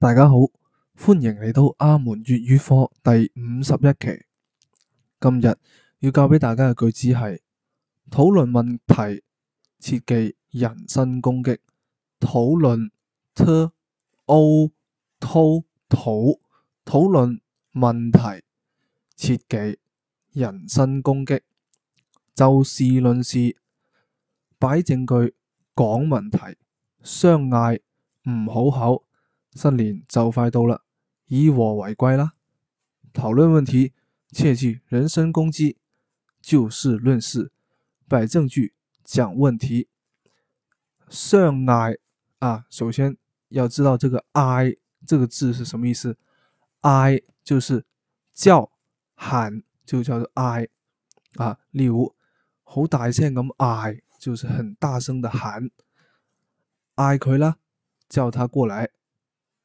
大家好，歡迎嚟到阿門粵語課第五十一期。今日要教俾大家嘅句子係：討論問題，切忌人身攻擊；討論、t、o、t、o、討、討論問題，切忌人身攻擊。就事論事，擺證據講問題，相嗌唔好口。新年就快到啦，以和為貴啦。討論問題，切忌人身攻擊，就事、是、論事，擺證據，講問題。相嗌啊，首先要知道這個嗌這個字是什麼意思。嗌就是叫喊，就叫做嗌啊。例如好大聲咁嗌，就是很大聲的喊。嗌佢啦，叫他過來。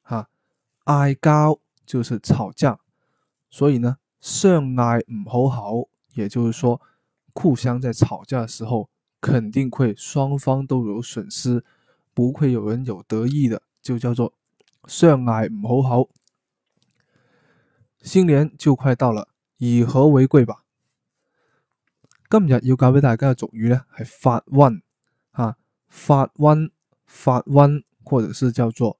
啊，嗌交就是吵架，所以呢，相嗌唔好口，也就是說，互相在吵架的時候，肯定會雙方都有損失，不會有人有得益的，就叫做相嗌唔好口。新年就快到了，以和為貴吧。今日要教俾大家嘅俗語呢，係發瘟，啊，發瘟，發瘟，或者是叫做。